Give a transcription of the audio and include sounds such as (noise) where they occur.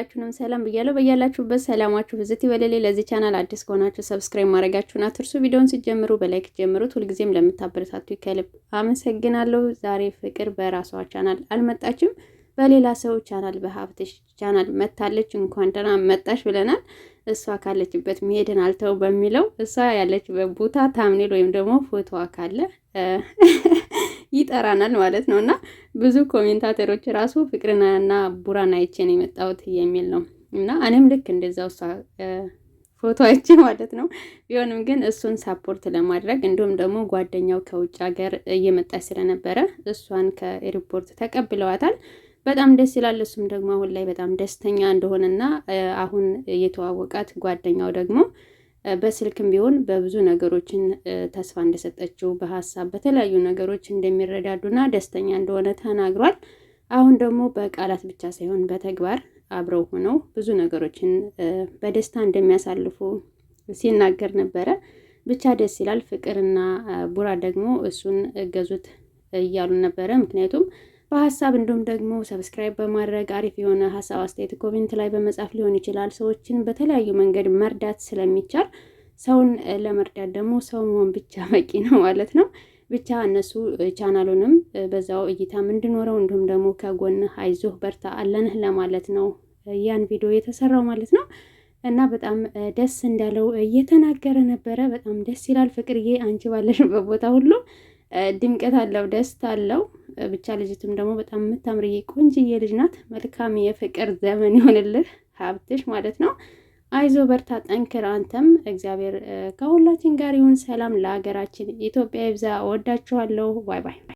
ሁላችሁንም ሰላም ብያለሁ። በያላችሁበት ሰላማችሁ ብዝት ይበለሌ። ለዚህ ቻናል አዲስ ከሆናችሁ ሰብስክራይብ ማድረጋችሁን አትርሱ። ቪዲዮውን ሲጀምሩ በላይክ ጀምሩት። ሁልጊዜም ለምታበረታቱ ከልብ አመሰግናለሁ። ዛሬ ፍቅር በራሷ ቻናል አልመጣችም፣ በሌላ ሰው ቻናል በሀብትሽ ቻናል መታለች። እንኳን ደህና መጣሽ ብለናል። እሷ ካለችበት መሄድን አልተው በሚለው እሷ ያለችበት ቦታ ታምኔል ወይም ደግሞ ፎቶዋ ካለ ይጠራናል ማለት ነው። እና ብዙ ኮሜንታተሮች ራሱ ፍቅርናና ቡራን አይቼን ነው የመጣሁት የሚል ነው። እና እኔም ልክ እንደዛው እሷ ፎቶ አይቼ ማለት ነው። ቢሆንም ግን እሱን ሳፖርት ለማድረግ እንዲሁም ደግሞ ጓደኛው ከውጭ ሀገር እየመጣች ስለነበረ እሷን ከኤርፖርት ተቀብለዋታል። በጣም ደስ ይላል። እሱም ደግሞ አሁን ላይ በጣም ደስተኛ እንደሆነና አሁን የተዋወቃት ጓደኛው ደግሞ በስልክም ቢሆን በብዙ ነገሮችን ተስፋ እንደሰጠችው በሀሳብ በተለያዩ ነገሮች እንደሚረዳዱና ደስተኛ እንደሆነ ተናግሯል። አሁን ደግሞ በቃላት ብቻ ሳይሆን በተግባር አብረው ሆነው ብዙ ነገሮችን በደስታ እንደሚያሳልፉ ሲናገር ነበረ። ብቻ ደስ ይላል። ፍቅርና ቡራ ደግሞ እሱን እገዙት እያሉ ነበረ ምክንያቱም በሀሳብ እንዲሁም ደግሞ ሰብስክራይብ በማድረግ አሪፍ የሆነ ሀሳብ አስተያየት ኮሜንት ላይ በመጻፍ ሊሆን ይችላል። ሰዎችን በተለያዩ መንገድ መርዳት ስለሚቻል ሰውን ለመርዳት ደግሞ ሰው መሆን ብቻ (laughs) በቂ ነው ማለት ነው። ብቻ እነሱ ቻናሉንም በዛው እይታም እንዲኖረው እንዲሁም ደግሞ ከጎንህ አይዞህ በርታ አለንህ ለማለት ነው ያን ቪዲዮ የተሰራው ማለት ነው። እና በጣም ደስ እንዳለው እየተናገረ ነበረ። በጣም ደስ ይላል ፍቅርዬ፣ አንቺ ባለሽበት ቦታ ሁሉ ድምቀት አለው፣ ደስታ አለው። ብቻ ልጅትም ደግሞ በጣም የምታምርዬ ቆንጅዬ ልጅ ናት። መልካም የፍቅር ዘመን ይሆንልህ ሀብትሽ ማለት ነው። አይዞ በርታ፣ ጠንክር አንተም እግዚአብሔር ከሁላችን ጋር ይሁን። ሰላም ለሀገራችን ኢትዮጵያ ይብዛ። ወዳችኋለሁ። ባይ ባይ።